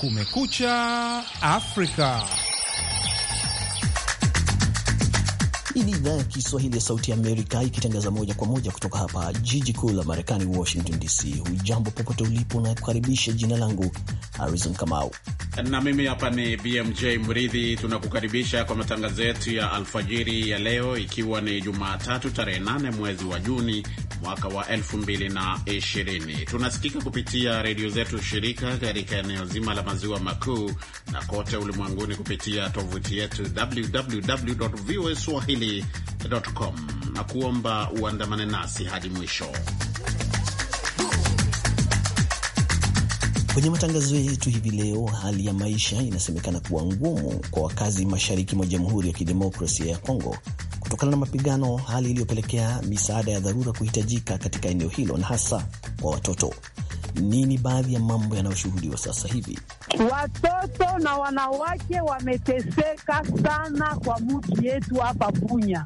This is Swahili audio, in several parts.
Kumekucha Afrika. Hii ni idhaa ya Kiswahili ya Sauti Amerika ikitangaza moja kwa moja kutoka hapa jiji kuu la Marekani, Washington DC. Hujambo popote ulipo na kukaribisha. Jina langu Harrison Kamau na mimi hapa ni BMJ Mridhi. Tunakukaribisha kwa matangazo yetu ya alfajiri ya leo, ikiwa ni Jumatatu tarehe 8 mwezi wa Juni mwaka wa 2020. Tunasikika kupitia redio zetu shirika katika eneo zima la maziwa makuu na kote ulimwenguni kupitia tovuti yetu www voa swahili swahili.com na kuomba uandamane nasi hadi mwisho kwenye matangazo yetu hivi leo. Hali ya maisha inasemekana kuwa ngumu kwa wakazi mashariki mwa Jamhuri ya Kidemokrasia ya Kongo kutokana na mapigano, hali iliyopelekea misaada ya dharura kuhitajika katika eneo hilo na hasa kwa watoto. Nini baadhi ya mambo yanayoshuhudiwa sasa hivi? Watoto na wanawake wameteseka sana kwa muji yetu hapa Bunya.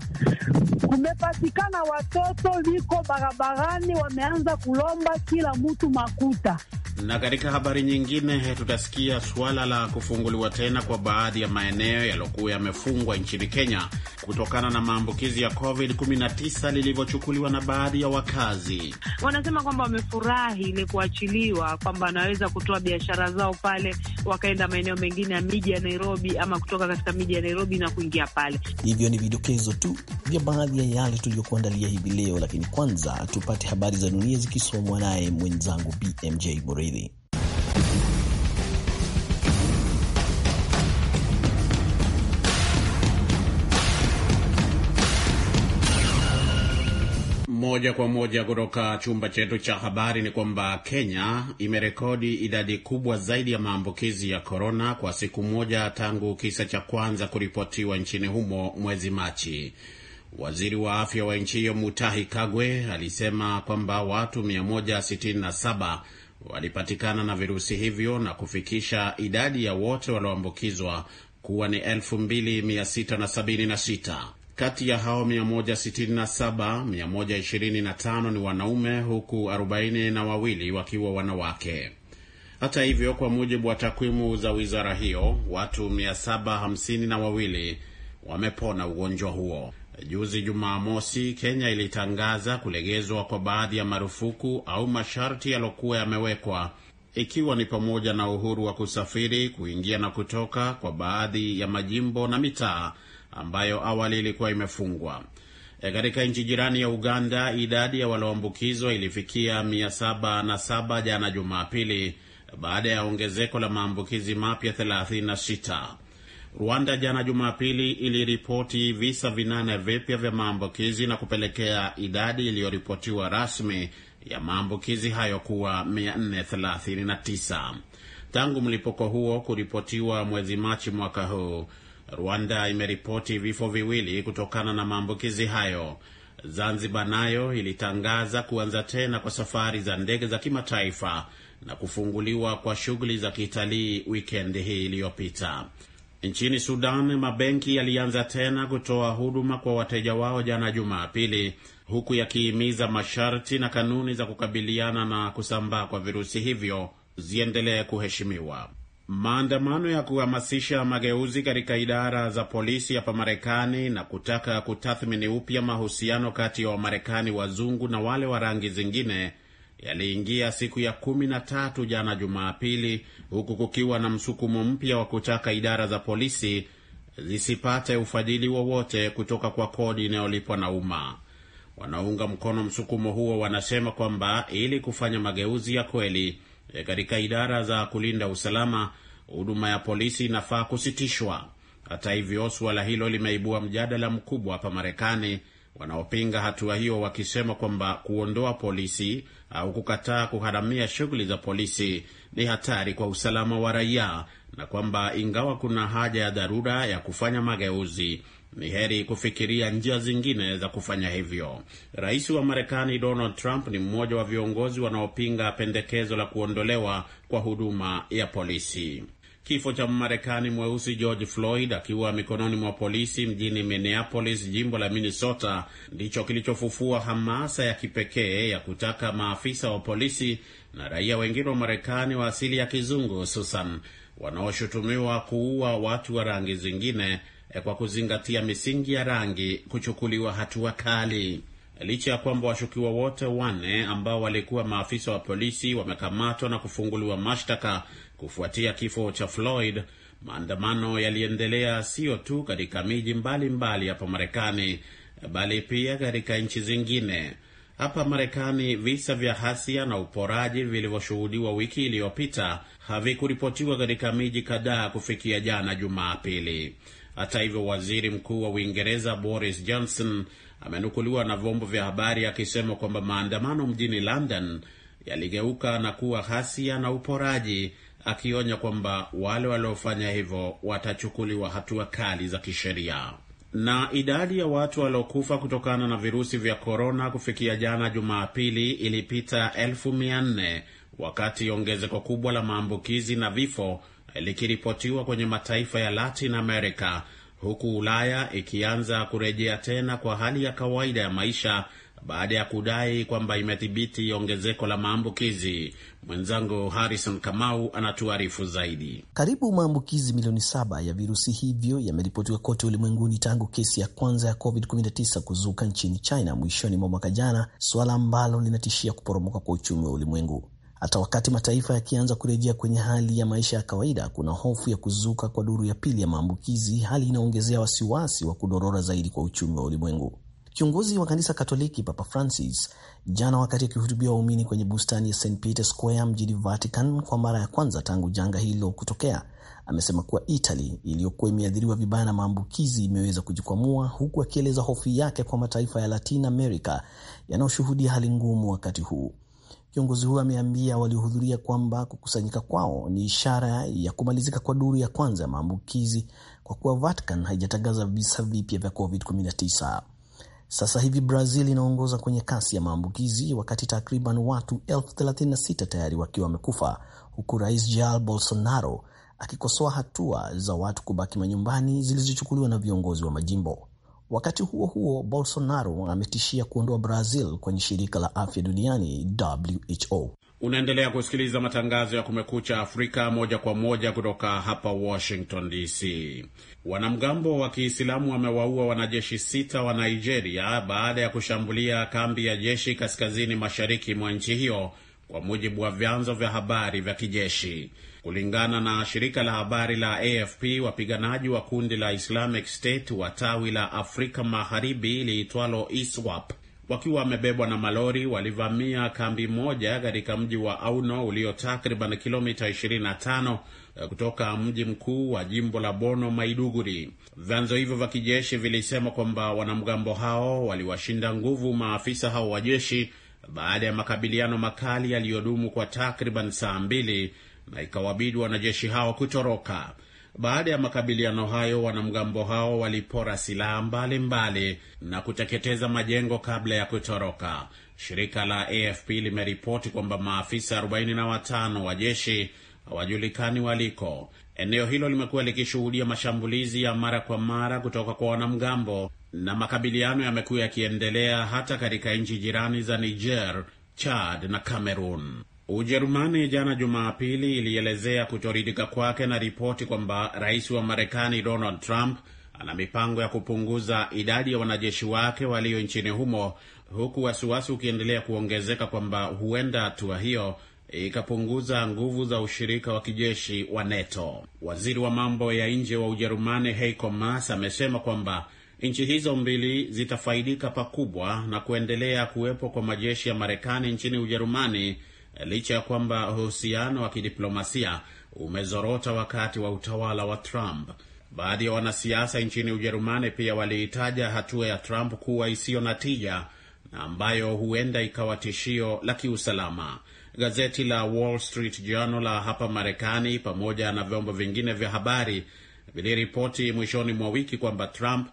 Kumepatikana watoto liko barabarani, wameanza kulomba kila mtu makuta. Na katika habari nyingine, tutasikia suala la kufunguliwa tena kwa baadhi ya maeneo yaliyokuwa yamefungwa nchini Kenya kutokana na maambukizi ya COVID-19 lilivyochukuliwa na baadhi ya wakazi. Wanasema kwamba wamefurahi ile kuachiliwa, kwamba wanaweza kutoa biashara zao pale wakaenda maeneo mengine ya miji ya Nairobi ama kutoka katika miji ya Nairobi na kuingia pale. Hivyo ni vidokezo tu vya baadhi ya yale tuliyokuandalia hivi leo, lakini kwanza tupate habari za dunia zikisomwa naye mwenzangu BMJ Muridhi. moja kwa moja kutoka chumba chetu cha habari ni kwamba Kenya imerekodi idadi kubwa zaidi ya maambukizi ya korona kwa siku moja tangu kisa cha kwanza kuripotiwa nchini humo mwezi Machi. Waziri wa afya wa nchi hiyo Mutahi Kagwe alisema kwamba watu 167 walipatikana na virusi hivyo na kufikisha idadi ya wote walioambukizwa kuwa ni 2676. Kati ya hao 167, 125 ni wanaume huku 4 na wawili wakiwa wanawake. Hata hivyo, kwa mujibu wa takwimu za wizara hiyo, watu 752 wamepona ugonjwa huo. Juzi Jumamosi, Kenya ilitangaza kulegezwa kwa baadhi ya marufuku au masharti yaliokuwa yamewekwa ikiwa ni pamoja na uhuru wa kusafiri, kuingia na kutoka kwa baadhi ya majimbo na mitaa ambayo awali ilikuwa imefungwa. E, katika nchi jirani ya Uganda, idadi ya walioambukizwa ilifikia 77 jana Jumapili, baada ya ongezeko la maambukizi mapya 36. Rwanda jana Jumapili iliripoti visa vinane vipya vya maambukizi na kupelekea idadi iliyoripotiwa rasmi ya maambukizi hayo kuwa 439 tangu mlipuko huo kuripotiwa mwezi Machi mwaka huu. Rwanda imeripoti vifo viwili kutokana na maambukizi hayo. Zanzibar nayo ilitangaza kuanza tena kwa safari za ndege za kimataifa na kufunguliwa kwa shughuli za kitalii wikendi hii iliyopita. Nchini Sudan, mabenki yalianza tena kutoa huduma kwa wateja wao jana Jumapili, huku yakihimiza masharti na kanuni za kukabiliana na kusambaa kwa virusi hivyo ziendelee kuheshimiwa. Maandamano ya kuhamasisha mageuzi katika idara za polisi hapa Marekani na kutaka kutathmini upya mahusiano kati ya Wamarekani wazungu na wale wa rangi zingine yaliingia siku ya kumi na tatu jana Jumapili, huku kukiwa na msukumo mpya wa kutaka idara za polisi zisipate ufadhili wowote kutoka kwa kodi inayolipwa na umma. Wanaunga mkono msukumo huo wanasema kwamba ili kufanya mageuzi ya kweli E, katika idara za kulinda usalama, huduma ya polisi inafaa kusitishwa. Hata hivyo, suala hilo limeibua mjadala mkubwa hapa Marekani, wanaopinga hatua hiyo wakisema kwamba kuondoa polisi au kukataa kuharamia shughuli za polisi ni hatari kwa usalama wa raia na kwamba ingawa kuna haja ya dharura ya kufanya mageuzi ni heri kufikiria njia zingine za kufanya hivyo. Rais wa Marekani Donald Trump ni mmoja wa viongozi wanaopinga pendekezo la kuondolewa kwa huduma ya polisi. Kifo cha Mmarekani mweusi George Floyd akiwa mikononi mwa polisi mjini Minneapolis, jimbo la Minnesota, ndicho kilichofufua hamasa ya kipekee ya kutaka maafisa wa polisi na raia wengine wa Marekani wa asili ya kizungu hususan wanaoshutumiwa kuua watu wa rangi zingine Eh, kwa kuzingatia misingi ya rangi kuchukuliwa hatua kali. Licha ya kwamba washukiwa wote wanne ambao walikuwa maafisa wa polisi wamekamatwa na kufunguliwa mashtaka kufuatia kifo cha Floyd, maandamano yaliendelea sio tu katika miji mbalimbali hapa Marekani bali pia katika nchi zingine. Hapa Marekani, visa vya hasia na uporaji vilivyoshuhudiwa wiki iliyopita havikuripotiwa katika miji kadhaa kufikia jana Jumapili. Hata hivyo, waziri mkuu wa Uingereza Boris Johnson amenukuliwa na vyombo vya habari akisema kwamba maandamano mjini London yaligeuka na kuwa hasia na uporaji, akionya kwamba wale waliofanya hivyo watachukuliwa hatua kali za kisheria na idadi ya watu waliokufa kutokana na virusi vya korona kufikia jana Jumapili ilipita elfu mia nne wakati ongezeko kubwa la maambukizi na vifo likiripotiwa kwenye mataifa ya Latin America huku Ulaya ikianza kurejea tena kwa hali ya kawaida ya maisha baada ya kudai kwamba imedhibiti ongezeko la maambukizi. Mwenzangu Harrison Kamau anatuarifu zaidi. Karibu maambukizi milioni saba ya virusi hivyo yameripotiwa kote ulimwenguni tangu kesi ya kwanza ya COVID-19 kuzuka nchini China mwishoni mwa mwaka jana, suala ambalo linatishia kuporomoka kwa uchumi wa ulimwengu. Hata wakati mataifa yakianza kurejea kwenye hali ya maisha ya kawaida, kuna hofu ya kuzuka kwa duru ya pili ya maambukizi, hali inaongezea wasiwasi wa kudorora zaidi kwa uchumi wa ulimwengu. Kiongozi wa kanisa Katoliki Papa Francis jana, wakati akihutubia waumini kwenye bustani ya St Peter Square mjini Vatican kwa mara ya kwanza tangu janga hilo kutokea, amesema kuwa Italy iliyokuwa imeathiriwa vibaya na maambukizi imeweza kujikwamua, huku akieleza hofu yake kwa mataifa ya Latin America yanayoshuhudia hali ngumu wakati huu. Kiongozi huyo ameambia waliohudhuria kwamba kukusanyika kwao ni ishara ya kumalizika kwa duru ya kwanza ya maambukizi, kwa kuwa Vatican haijatangaza visa vipya vya COVID-19. Sasa hivi Brazil inaongoza kwenye kasi ya maambukizi wakati takriban watu elfu 36 tayari wakiwa wamekufa, huku Rais Jair Bolsonaro akikosoa hatua za watu kubaki manyumbani zilizochukuliwa na viongozi wa majimbo. Wakati huo huo, Bolsonaro ametishia kuondoa Brazil kwenye shirika la afya duniani WHO. Unaendelea kusikiliza matangazo ya Kumekucha Afrika moja kwa moja kutoka hapa Washington DC. Wanamgambo wa Kiislamu wamewaua wanajeshi sita wa Nigeria baada ya kushambulia kambi ya jeshi kaskazini mashariki mwa nchi hiyo, kwa mujibu wa vyanzo vya habari vya kijeshi. Kulingana na shirika la habari la AFP, wapiganaji wa kundi la Islamic State wa tawi la Afrika Magharibi liitwalo ISWAP wakiwa wamebebwa na malori walivamia kambi moja katika mji wa Auno ulio takriban kilomita 25 eh, kutoka mji mkuu wa jimbo la Bono, Maiduguri. Vyanzo hivyo vya kijeshi vilisema kwamba wanamgambo hao waliwashinda nguvu maafisa hao wa jeshi baada ya makabiliano makali yaliyodumu kwa takriban saa mbili na ikawabidi wanajeshi hao kutoroka. Baada ya makabiliano hayo, wanamgambo hao walipora silaha mbalimbali na kuteketeza majengo kabla ya kutoroka. Shirika la AFP limeripoti kwamba maafisa 45 wa jeshi hawajulikani waliko. Eneo hilo limekuwa likishuhudia mashambulizi ya mara kwa mara kutoka kwa wanamgambo na makabiliano yamekuwa yakiendelea hata katika nchi jirani za Niger, Chad na Cameroon. Ujerumani jana Jumapili ilielezea kutoridhika kwake na ripoti kwamba rais wa Marekani Donald Trump ana mipango ya kupunguza idadi ya wanajeshi wake walio nchini humo, huku wasiwasi ukiendelea kuongezeka kwamba huenda hatua hiyo ikapunguza nguvu za ushirika wa kijeshi wa NATO. Waziri wa mambo ya nje wa Ujerumani Heiko Maas amesema kwamba nchi hizo mbili zitafaidika pakubwa na kuendelea kuwepo kwa majeshi ya Marekani nchini Ujerumani licha ya kwamba uhusiano wa kidiplomasia umezorota wakati wa utawala wa Trump. Baadhi ya wanasiasa nchini Ujerumani pia waliitaja hatua ya Trump kuwa isiyo na tija na ambayo huenda ikawa tishio la kiusalama. Gazeti la Wall Street Journal la hapa Marekani pamoja na vyombo vingine vya habari viliripoti mwishoni mwa wiki kwamba Trump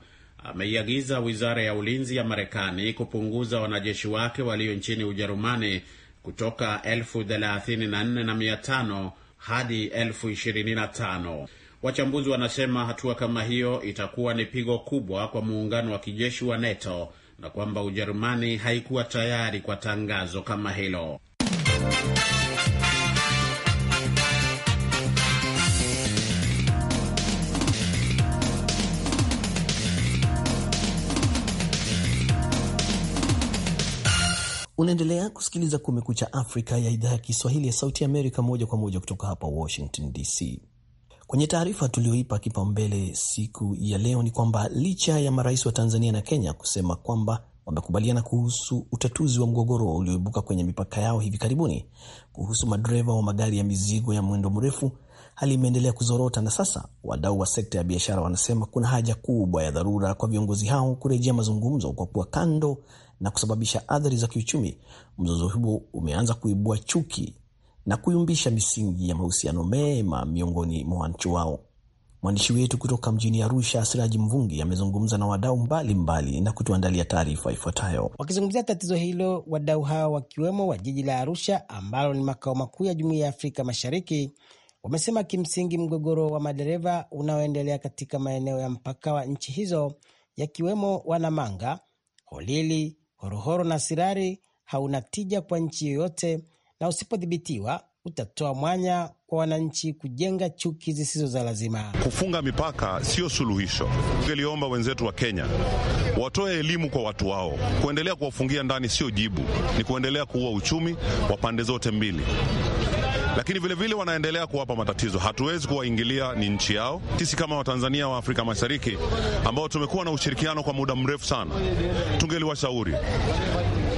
ameiagiza wizara ya ulinzi ya Marekani kupunguza wanajeshi wake walio nchini Ujerumani kutoka elfu thelathini na nne na mia tano hadi elfu ishirini na tano. Wachambuzi wanasema hatua kama hiyo itakuwa ni pigo kubwa kwa muungano wa kijeshi wa NATO na kwamba Ujerumani haikuwa tayari kwa tangazo kama hilo. Unaendelea kusikiliza Kumekucha Afrika ya idhaa ya Kiswahili ya Sauti Amerika, moja kwa moja kutoka hapa Washington DC. Kwenye taarifa tuliyoipa kipaumbele siku ya leo ni kwamba licha ya marais wa Tanzania na Kenya kusema kwamba wamekubaliana kuhusu utatuzi wa mgogoro ulioibuka kwenye mipaka yao hivi karibuni kuhusu madereva wa magari ya mizigo ya mwendo mrefu hali imeendelea kuzorota na sasa wadau wa sekta ya biashara wanasema kuna haja kubwa ya dharura kwa viongozi hao kurejea mazungumzo, kwa kuwa kando na kusababisha athari za kiuchumi, mzozo huo umeanza kuibua chuki na kuyumbisha misingi ya mahusiano mema miongoni mwa wananchi wao. Mwandishi wetu kutoka mjini Arusha, Siraji Mvungi, amezungumza na wadau mbalimbali na kutuandalia taarifa ifuatayo. Wakizungumzia tatizo hilo, wadau hao wakiwemo wa jiji la Arusha ambalo ni makao makuu ya Jumuiya ya Afrika Mashariki wamesema kimsingi mgogoro wa madereva unaoendelea katika maeneo ya mpaka wa nchi hizo yakiwemo Wanamanga, Holili, Horohoro na Sirari hauna tija kwa nchi yoyote na usipodhibitiwa utatoa mwanya kwa wananchi kujenga chuki zisizo za lazima. Kufunga mipaka sio suluhisho. Tungeliomba wenzetu wa Kenya watoe elimu kwa watu wao. Kuendelea kuwafungia ndani sio jibu, ni kuendelea kuua uchumi wa pande zote mbili lakini vilevile vile wanaendelea kuwapa matatizo. Hatuwezi kuwaingilia, ni nchi yao. Sisi kama Watanzania wa Afrika Mashariki ambao tumekuwa na ushirikiano kwa muda mrefu sana, tungeliwashauri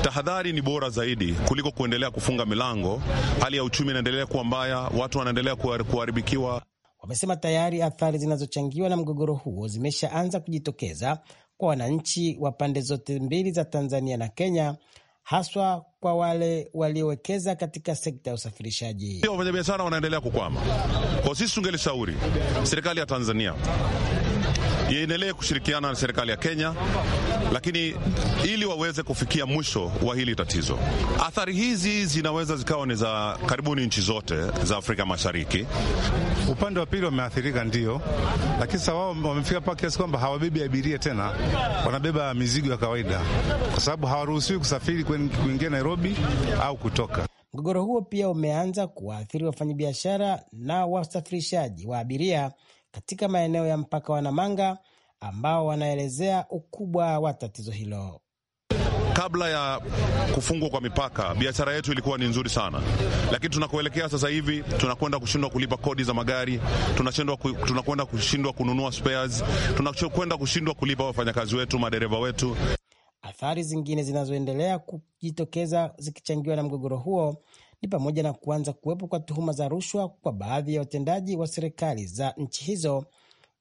tahadhari ni bora zaidi kuliko kuendelea kufunga milango. Hali ya uchumi inaendelea kuwa mbaya, watu wanaendelea kuharibikiwa. Wamesema tayari athari zinazochangiwa na mgogoro huo zimeshaanza kujitokeza kwa wananchi wa pande zote mbili za Tanzania na Kenya, haswa kwa wale waliowekeza katika sekta ya usafirishaji. Wafanyabiashara wanaendelea kukwama. Kwa sisi tungelishauri serikali ya Tanzania iendelee kushirikiana na serikali ya Kenya, lakini ili waweze kufikia mwisho wa hili tatizo. Athari hizi zinaweza zikawa ni za karibuni nchi zote za Afrika Mashariki. Upande wa pili wameathirika, ndio, lakini sasa wao wamefika paka kiasi kwamba hawabebi abiria tena, wanabeba mizigo ya kawaida, kwa sababu hawaruhusiwi kusafiri kuingia Nairobi au kutoka. Mgogoro huo pia umeanza kuwaathiri wafanyabiashara na wasafirishaji wa abiria katika maeneo ya mpaka wa Namanga ambao wanaelezea ukubwa wa tatizo hilo. Kabla ya kufungwa kwa mipaka, biashara yetu ilikuwa ni nzuri sana, lakini tunakoelekea sasa hivi tunakwenda kushindwa kulipa kodi za magari, tunakwenda kushindwa kununua spares, tunakwenda kushindwa kulipa wafanyakazi wetu, madereva wetu. Athari zingine zinazoendelea kujitokeza zikichangiwa na mgogoro huo ni pamoja na kuanza kuwepo kwa tuhuma za rushwa kwa baadhi ya watendaji wa serikali za nchi hizo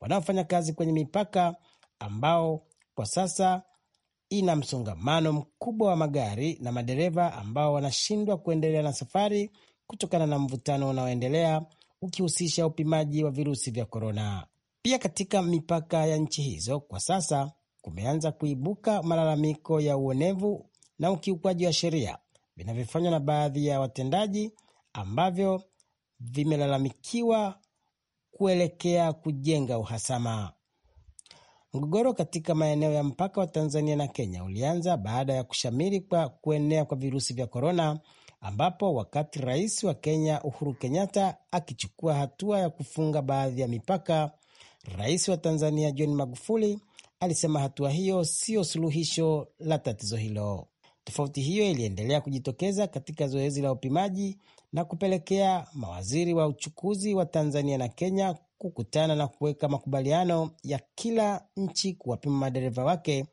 wanaofanya kazi kwenye mipaka ambao kwa sasa ina msongamano mkubwa wa magari na madereva ambao wanashindwa kuendelea na safari kutokana na mvutano unaoendelea ukihusisha upimaji wa virusi vya korona. Pia katika mipaka ya nchi hizo kwa sasa kumeanza kuibuka malalamiko ya uonevu na ukiukwaji wa sheria vinavyofanywa na baadhi ya watendaji ambavyo vimelalamikiwa kuelekea kujenga uhasama. Mgogoro katika maeneo ya mpaka wa Tanzania na Kenya ulianza baada ya kushamiri kwa kuenea kwa virusi vya korona, ambapo wakati rais wa Kenya Uhuru Kenyatta akichukua hatua ya kufunga baadhi ya mipaka, rais wa Tanzania John Magufuli alisema hatua hiyo siyo suluhisho la tatizo hilo. Tofauti hiyo iliendelea kujitokeza katika zoezi la upimaji na kupelekea mawaziri wa uchukuzi wa Tanzania na Kenya kukutana na kuweka makubaliano ya kila nchi kuwapima madereva wake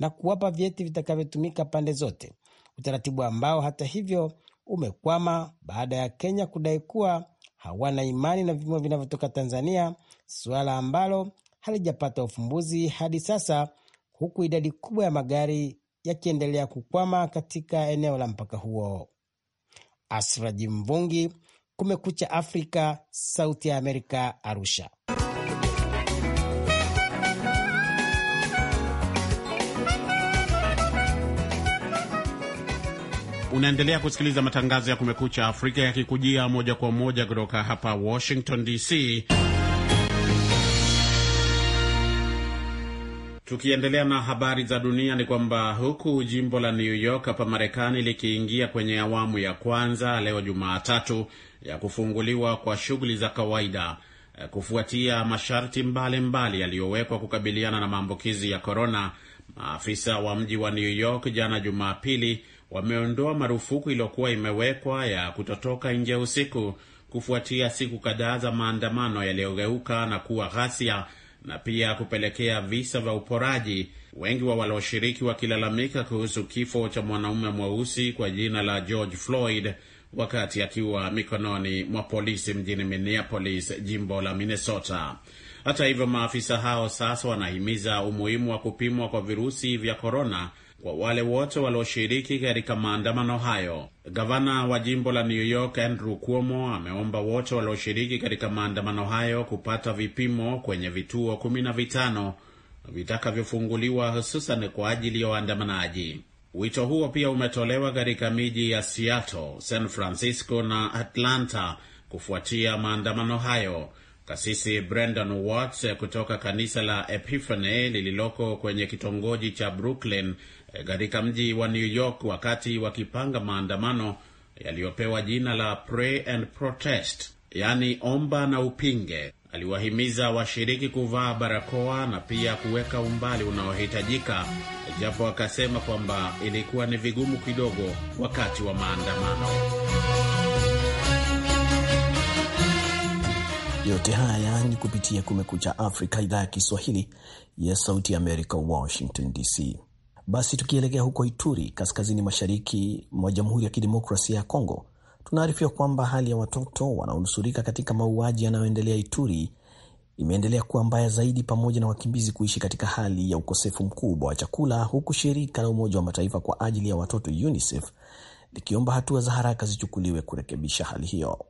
na kuwapa vyeti vitakavyotumika pande zote, utaratibu ambao hata hivyo umekwama baada ya Kenya kudai kuwa hawana imani na vipimo vinavyotoka Tanzania, suala ambalo halijapata ufumbuzi hadi sasa, huku idadi kubwa ya magari yakiendelea kukwama katika eneo la mpaka huo. Asraji Mvungi, Kumekucha Afrika, Sauti ya Amerika, Arusha. Unaendelea kusikiliza matangazo ya Kumekucha Afrika yakikujia moja kwa moja kutoka hapa Washington DC. Tukiendelea na habari za dunia ni kwamba huku jimbo la New York hapa Marekani likiingia kwenye awamu ya kwanza leo Jumatatu ya kufunguliwa kwa shughuli za kawaida eh, kufuatia masharti mbalimbali yaliyowekwa kukabiliana na maambukizi ya korona, maafisa wa mji wa New York jana Jumapili wameondoa marufuku iliyokuwa imewekwa ya kutotoka nje usiku kufuatia siku kadhaa za maandamano yaliyogeuka na kuwa ghasia na pia kupelekea visa vya uporaji, wengi wa walioshiriki wakilalamika kuhusu kifo cha mwanaume mweusi kwa jina la George Floyd wakati akiwa mikononi mwa polisi mjini Minneapolis, jimbo la Minnesota. Hata hivyo, maafisa hao sasa wanahimiza umuhimu wa kupimwa kwa virusi vya korona kwa wale wote walioshiriki katika maandamano hayo. Gavana wa jimbo la New York Andrew Cuomo ameomba wote walioshiriki katika maandamano hayo kupata vipimo kwenye vituo kumi na vitano vitakavyofunguliwa hususan kwa ajili ya waandamanaji. Wito huo pia umetolewa katika miji ya Seattle, San Francisco na Atlanta kufuatia maandamano hayo. Kasisi Brendan Watts kutoka kanisa la Epiphany lililoko kwenye kitongoji cha Brooklyn E, katika mji wa New York wakati wakipanga maandamano yaliyopewa jina la Pray and Protest, yaani omba na upinge. Aliwahimiza washiriki kuvaa barakoa na pia kuweka umbali unaohitajika, japo akasema kwamba ilikuwa ni vigumu kidogo wakati wa maandamano. Yote haya ni kupitia Kumekucha Afrika, idhaa ya Kiswahili ya Sauti ya Amerika, Washington DC. Basi tukielekea huko Ituri, kaskazini mashariki mwa Jamhuri ya Kidemokrasia ya Kongo, tunaarifiwa kwamba hali ya watoto wanaonusurika katika mauaji yanayoendelea Ituri imeendelea kuwa mbaya zaidi, pamoja na wakimbizi kuishi katika hali ya ukosefu mkubwa wa chakula, huku shirika la Umoja wa Mataifa kwa ajili ya watoto UNICEF likiomba hatua za haraka zichukuliwe kurekebisha hali hiyo.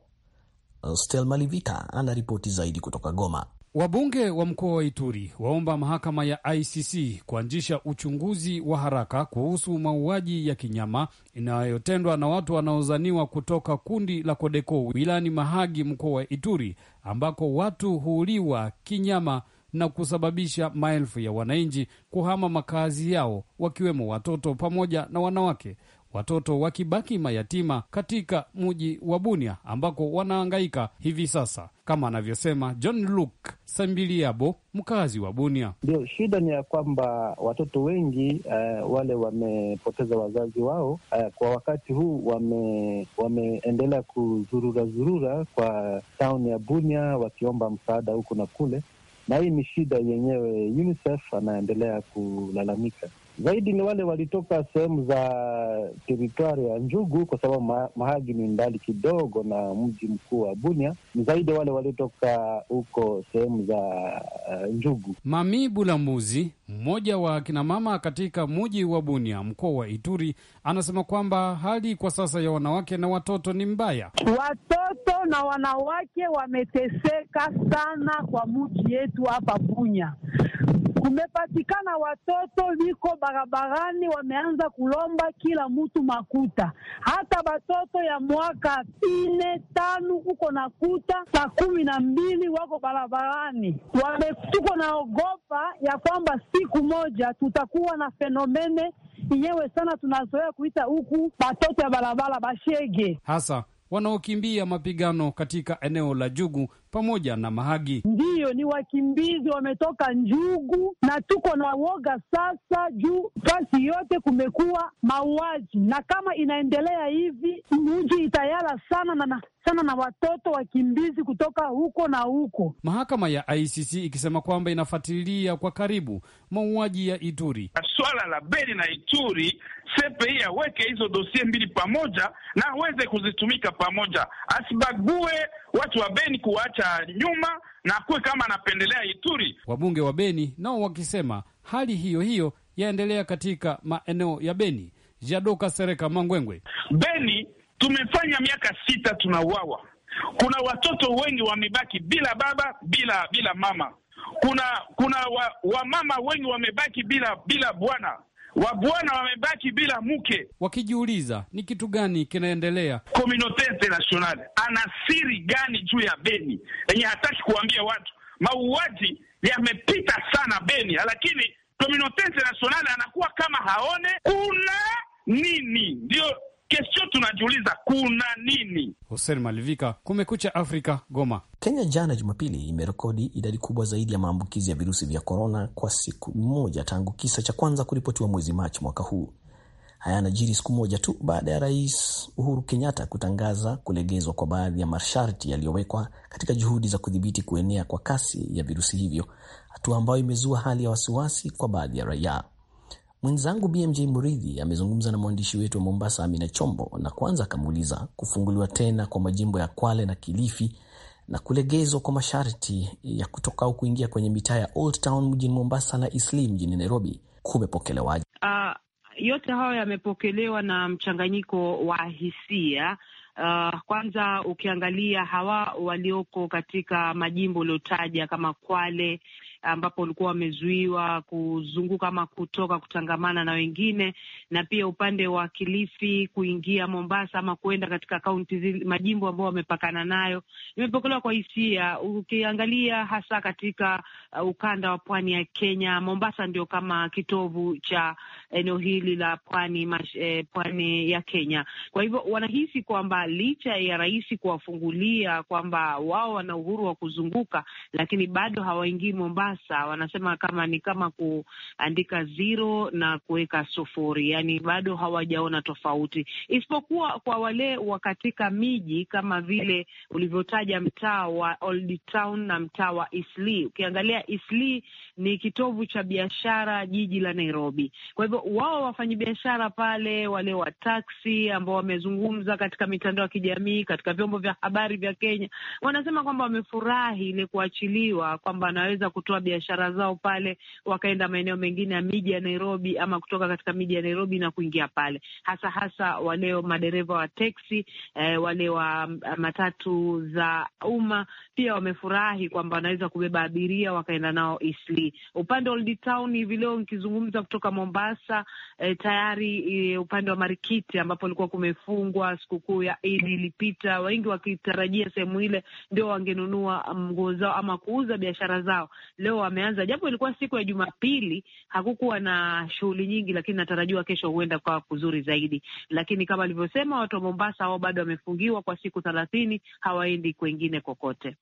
Stel Malivika ana ripoti zaidi kutoka Goma. Wabunge wa mkoa wa Ituri waomba mahakama ya ICC kuanzisha uchunguzi wa haraka kuhusu mauaji ya kinyama inayotendwa na watu wanaozaniwa kutoka kundi la Kodeko wilani Mahagi, mkoa wa Ituri, ambako watu huuliwa kinyama na kusababisha maelfu ya wananchi kuhama makazi yao, wakiwemo watoto pamoja na wanawake watoto wakibaki mayatima katika mji wa Bunia ambako wanaangaika hivi sasa, kama anavyosema John Luke Sambiliabo, mkazi wa Bunia. Ndio shida ni ya kwamba watoto wengi uh, wale wamepoteza wazazi wao uh, kwa wakati huu wame, wameendelea kuzurura zurura kwa tauni ya Bunia wakiomba msaada huku na kule, na hii ni shida yenyewe. UNICEF anaendelea kulalamika zaidi ni wale walitoka sehemu za teritwari ya Njugu kwa sababu Mahagi ni mbali kidogo na mji mkuu wa Bunia. Ni zaidi wale walitoka huko sehemu za uh, Njugu. Mami bulambuzi mmoja wa akinamama katika mji wa Bunia, mkoa wa Ituri, anasema kwamba hali kwa sasa ya wanawake na watoto ni mbaya. Watoto na wanawake wameteseka sana kwa mji yetu hapa Bunia kumepatikana watoto viko barabarani, wameanza kulomba kila mtu makuta, hata batoto ya mwaka ine tano huko na kuta saa kumi na mbili wako barabarani. Tuko naogopa ya kwamba siku moja tutakuwa na fenomene yenyewe sana tunazoea kuita huku batoto ya barabara bashege hasa wanaokimbia mapigano katika eneo la Jugu pamoja na Mahagi. Ndi Ndiyo, ni wakimbizi wametoka Njugu na tuko na woga sasa, juu fasi yote kumekuwa mauaji, na kama inaendelea hivi mji itayala sana na sana na watoto wakimbizi kutoka huko na huko. Mahakama ya ICC ikisema kwamba inafuatilia kwa karibu mauaji ya Ituri. Swala la Beni na Ituri, CPI aweke hizo dosie mbili pamoja na aweze kuzitumika pamoja, asibague watu wa Beni kuwaacha nyuma na akuwe kama anapendelea Ituri. Wabunge wa Beni nao wakisema hali hiyo hiyo yaendelea katika maeneo ya Beni. Jadoka Sereka Mangwengwe, Beni Tumefanya miaka sita tunauawa. Kuna watoto wengi wamebaki bila baba, bila bila mama. Kuna kuna wamama wa wengi wamebaki bila bila bwana wabwana wamebaki bila mke, wakijiuliza ni kitu gani kinaendelea. Komunote internasionale ana siri gani juu ya Beni yenye hataki kuambia watu? Mauaji yamepita sana Beni, lakini komunote internasionale anakuwa kama haone kuna nini. Ndio Kesho tunajiuliza kuna nini? Hussein Malivika, Kumekucha Afrika, Goma. Kenya jana Jumapili imerekodi idadi kubwa zaidi ya maambukizi ya virusi vya korona kwa siku moja tangu kisa cha kwanza kuripotiwa mwezi Machi mwaka huu. Haya yanajiri siku moja tu baada ya Rais Uhuru Kenyatta kutangaza kulegezwa kwa baadhi ya masharti yaliyowekwa katika juhudi za kudhibiti kuenea kwa kasi ya virusi hivyo, hatua ambayo imezua hali ya wasiwasi kwa baadhi ya raia. Mwenzangu BMJ Muridhi amezungumza na mwandishi wetu wa Mombasa, Amina Chombo, na kwanza akamuuliza kufunguliwa tena kwa majimbo ya Kwale na Kilifi na kulegezwa kwa masharti ya kutoka au kuingia kwenye mitaa ya Old Town mjini Mombasa na Eastleigh mjini Nairobi kumepokelewaje? Uh, yote hayo yamepokelewa na mchanganyiko wa hisia. Uh, kwanza ukiangalia hawa walioko katika majimbo uliotaja kama Kwale ambapo walikuwa wamezuiwa kuzunguka ama kutoka kutangamana na wengine, na pia upande wa Kilifi kuingia Mombasa ama kuenda katika kaunti zile, majimbo ambayo wamepakana nayo, imepokelewa kwa hisia. Ukiangalia hasa katika uh, ukanda wa pwani ya Kenya, Mombasa ndio kama kitovu cha eneo hili la pwani mash, eh, pwani ya Kenya. Kwa hivyo wanahisi kwamba licha ya rais kuwafungulia kwamba wao wana uhuru wa kuzunguka, lakini bado hawaingii Mombasa hasa wanasema kama ni kama kuandika zero na kuweka sufuri, yani bado hawajaona tofauti, isipokuwa kwa wale wa katika miji kama vile ulivyotaja mtaa wa Old Town na mtaa wa Eastleigh. Ukiangalia Eastleigh ni kitovu cha biashara, jiji la Nairobi. Kwa hivyo wao biashara pale, wale wa taksi ambao wamezungumza katika mitandao ya kijamii, katika vyombo vya habari vya Kenya, wanasema kwamba wamefurahi ile kuachiliwa, kwamba anaweza kutoa biashara zao pale, wakaenda maeneo mengine ya miji ya Nairobi ama kutoka katika miji ya Nairobi na kuingia pale, hasa hasa wale madereva wa teksi eh, wale wa eh, matatu za umma pia wamefurahi kwamba wanaweza kubeba abiria wakaenda nao Eastleigh. Upande wa Old Town hivi leo nikizungumza kutoka Mombasa eh, tayari eh, upande wa Marikiti ambapo ulikuwa kumefungwa, sikukuu ya Idi ilipita, wengi wakitarajia sehemu ile ndio wangenunua mm, nguo zao ama kuuza biashara zao leo leo wameanza, japo ilikuwa siku ya Jumapili, hakukuwa na shughuli nyingi, lakini natarajiwa kesho huenda kwa kuzuri zaidi. Lakini kama alivyosema, watu wa Mombasa hao bado wamefungiwa kwa siku thelathini, hawaendi kwengine kokote.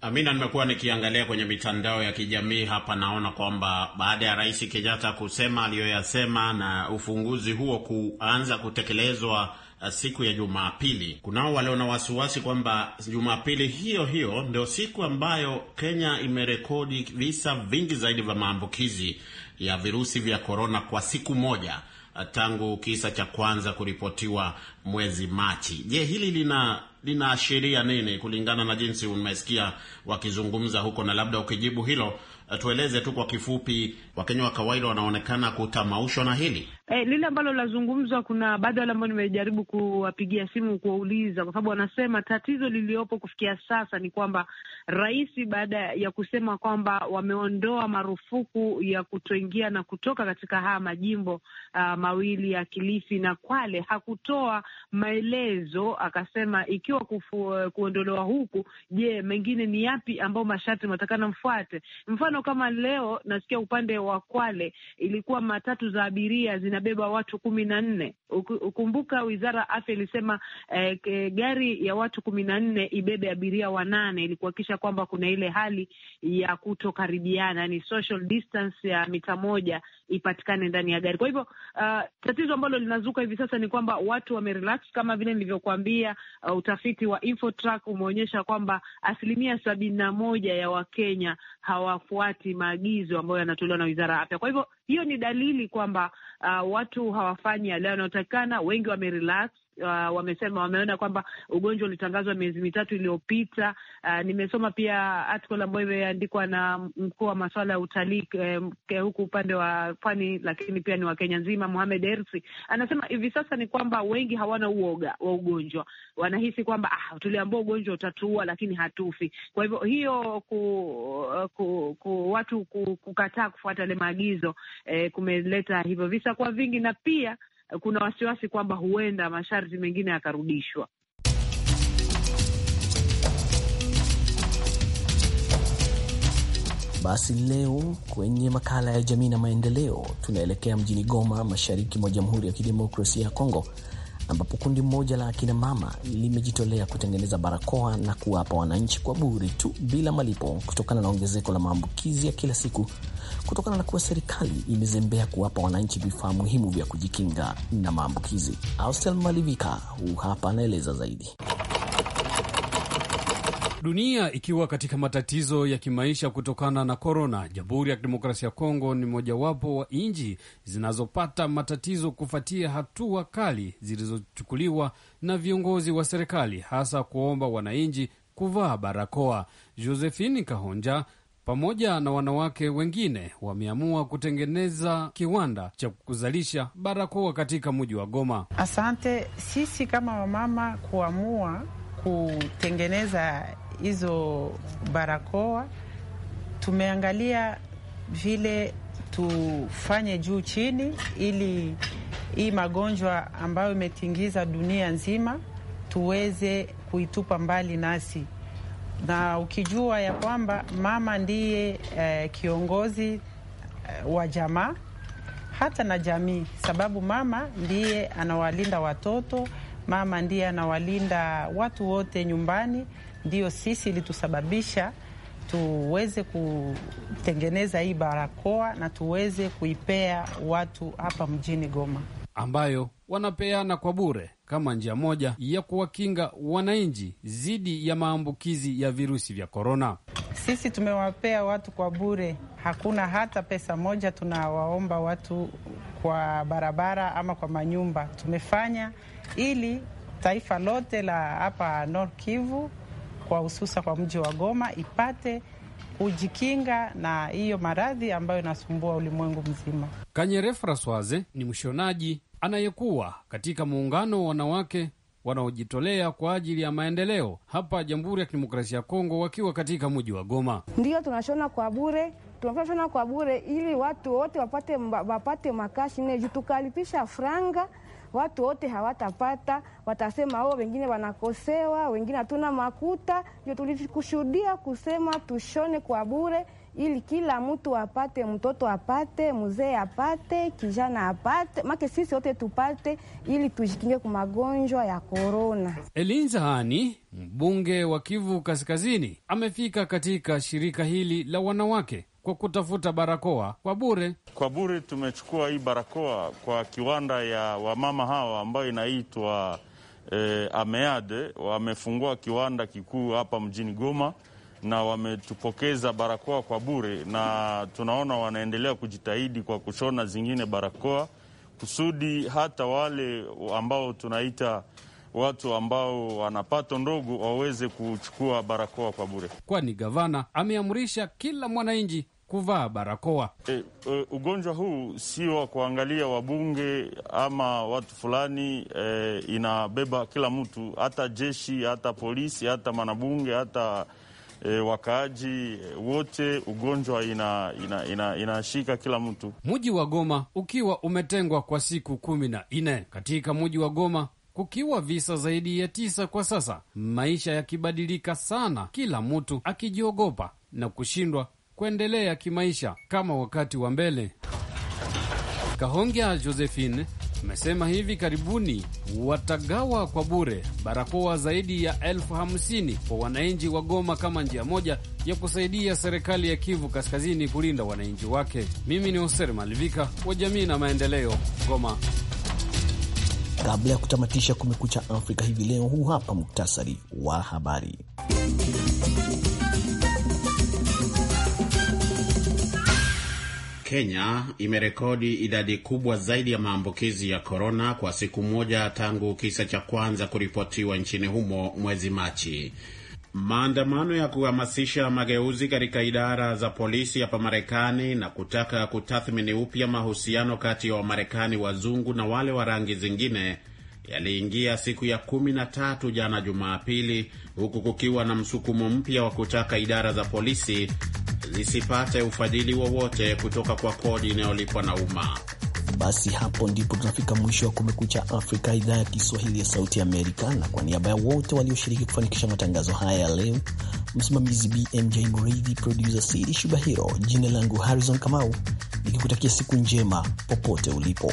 Amina, nimekuwa nikiangalia kwenye mitandao ya kijamii hapa, naona kwamba baada ya Rais Kenyatta kusema aliyoyasema na ufunguzi huo kuanza kutekelezwa Eh, siku ya Jumapili. Kunao walio na wasiwasi kwamba Jumapili hiyo hiyo ndio siku ambayo Kenya imerekodi visa vingi zaidi vya maambukizi ya virusi vya korona kwa siku moja eh, tangu kisa cha kwanza kuripotiwa mwezi Machi. Je, hili lina linaashiria nini kulingana na jinsi umesikia wakizungumza huko? Na labda ukijibu hilo, eh, tueleze tu kwa kifupi Wakenya wa kawaida wanaonekana kutamaushwa na hili eh, lile ambalo lazungumzwa. Kuna baadhi wale ambao nimejaribu kuwapigia simu kuwauliza, kwa sababu wanasema tatizo liliyopo kufikia sasa ni kwamba rais, baada ya kusema kwamba wameondoa marufuku ya kutoingia na kutoka katika haya majimbo uh, mawili ya Kilifi na Kwale, hakutoa maelezo. Akasema ikiwa kufu, kuondolewa huku, je, mengine ni yapi ambao masharti matakana mfuate? Mfano kama leo nasikia upande wa Kwale ilikuwa matatu za abiria zinabeba watu kumi na nne. Ukumbuka wizara ya afya ilisema eh, gari ya watu kumi na nne ibebe abiria wanane ili kuhakikisha kwamba kuna ile hali ya kutokaribiana, yani social distance ya mita moja ipatikane ndani ya gari. Kwa hivyo uh, tatizo ambalo linazuka hivi sasa ni kwamba watu wamerelax kama vile nilivyokuambia. Uh, utafiti wa Infotrack umeonyesha kwamba asilimia sabini na moja ya Wakenya hawafuati maagizo ambayo yanatolewa na wizara ya afya. Kwa hivyo hiyo ni dalili kwamba uh, watu hawafanyi yale yanayotakikana, wengi wamerelax uh, wamesema wameona kwamba ugonjwa ulitangazwa miezi mitatu iliyopita. Uh, nimesoma pia article ambayo imeandikwa na mkuu wa masuala ya utalii eh, huku upande wa pwani, lakini pia ni wa Kenya nzima, Mohamed Hersi anasema hivi sasa ni kwamba wengi hawana uoga wa ugonjwa, wanahisi kwamba ah, tuliambua ugonjwa utatua, lakini hatufi. Kwa hivyo hiyo ku, uh, ku, ku watu kukataa kufuata yale maagizo eh, kumeleta hivyo visa kwa vingi na pia kuna wasiwasi kwamba huenda masharti mengine yakarudishwa. Basi leo kwenye makala ya jamii na maendeleo tunaelekea mjini Goma, mashariki mwa Jamhuri ya Kidemokrasia ya Kongo ambapo kundi moja la akinamama limejitolea kutengeneza barakoa na kuwapa wananchi kwa bure tu bila malipo kutokana na ongezeko la maambukizi ya kila siku kutokana na kuwa serikali imezembea kuwapa wananchi vifaa muhimu vya kujikinga na maambukizi. Austel Malivika huu hapa anaeleza zaidi. Dunia ikiwa katika matatizo ya kimaisha kutokana na korona, Jamhuri ya Kidemokrasia ya Kongo ni mojawapo wa nchi zinazopata matatizo kufuatia hatua kali zilizochukuliwa na viongozi wa serikali, hasa kuomba wananchi kuvaa barakoa. Josephine Kahonja pamoja na wanawake wengine wameamua kutengeneza kiwanda cha kuzalisha barakoa katika mji wa Goma. Asante. Sisi kama wamama kuamua kutengeneza hizo barakoa, tumeangalia vile tufanye juu chini, ili hii magonjwa ambayo imetingiza dunia nzima tuweze kuitupa mbali nasi, na ukijua ya kwamba mama ndiye eh, kiongozi eh, wa jamaa hata na jamii, sababu mama ndiye anawalinda watoto, mama ndiye anawalinda watu wote nyumbani ndiyo sisi ilitusababisha tuweze kutengeneza hii barakoa na tuweze kuipea watu hapa mjini Goma, ambayo wanapeana kwa bure kama njia moja ya kuwakinga wananchi dhidi ya maambukizi ya virusi vya korona. Sisi tumewapea watu kwa bure, hakuna hata pesa moja tunawaomba watu kwa barabara ama kwa manyumba. Tumefanya ili taifa lote la hapa Nord Kivu kwa hususa kwa mji wa Goma ipate kujikinga na hiyo maradhi ambayo inasumbua ulimwengu mzima. Kanyere Fraswaze ni mshonaji anayekuwa katika muungano wa wanawake wanaojitolea kwa ajili ya maendeleo hapa Jamhuri ya Kidemokrasia ya Kongo, wakiwa katika mji wa Goma. Ndiyo tunashona kwa bure, tunashona kwa bure ili watu wote wapate, wapate makashi ne juu tukalipisha franga watu wote hawatapata, watasema o, oh, wengine wanakosewa, wengine hatuna makuta. Ndio tulikushuhudia kusema tushone kwa bure ili kila mtu apate, mtoto apate, mzee apate, kijana apate, make sisi wote tupate, ili tujikinge kwa magonjwa ya korona. Elinza Hani, mbunge wa Kivu Kaskazini, amefika katika shirika hili la wanawake kwa kutafuta barakoa kwa bure. Kwa bure tumechukua hii barakoa kwa kiwanda ya wamama hawa ambayo inaitwa eh, Ameade. Wamefungua kiwanda kikuu hapa mjini Goma na wametupokeza barakoa kwa bure, na tunaona wanaendelea kujitahidi kwa kushona zingine barakoa kusudi hata wale ambao tunaita watu ambao wana pato ndogo waweze kuchukua barakoa kwa bure, kwani gavana ameamrisha kila mwananchi kuvaa barakoa. E, e ugonjwa huu si wa kuangalia wabunge ama watu fulani e, inabeba kila mtu, hata jeshi, hata polisi, hata mwanabunge hata E, wakaaji e, wote ugonjwa inashika ina, ina, ina kila mtu. Mji wa Goma ukiwa umetengwa kwa siku kumi na nne katika mji wa Goma kukiwa visa zaidi ya tisa kwa sasa, maisha yakibadilika sana, kila mtu akijiogopa na kushindwa kuendelea kimaisha kama wakati wa mbele. Kahongya Josephine amesema hivi karibuni watagawa kwa bure barakoa zaidi ya elfu hamsini kwa wananchi wa Goma kama njia moja ya kusaidia serikali ya Kivu Kaskazini kulinda wananchi wake. Mimi ni Hoser Malivika wa Jamii na Maendeleo, Goma. Kabla ya kutamatisha Kumekucha Afrika hivi leo, huu hapa muktasari wa habari. Kenya imerekodi idadi kubwa zaidi ya maambukizi ya korona kwa siku moja tangu kisa cha kwanza kuripotiwa nchini humo mwezi Machi. Maandamano ya kuhamasisha mageuzi katika idara za polisi hapa Marekani na kutaka kutathmini upya mahusiano kati ya Wamarekani wazungu na wale wa rangi zingine yaliingia siku ya kumi na tatu jana Jumapili, huku kukiwa na msukumo mpya wa kutaka idara za polisi zisipate ufadhili wowote kutoka kwa kodi inayolipwa na umma. Basi hapo ndipo tunafika mwisho wa Kumekucha Afrika, idhaa ya Kiswahili ya Sauti Amerika. Na kwa niaba ya wote walioshiriki kufanikisha matangazo haya ya leo, msimamizi BMJ Mridhi, produsa Sidi Shubahiro, jina langu Harrison Kamau, nikikutakia siku njema popote ulipo.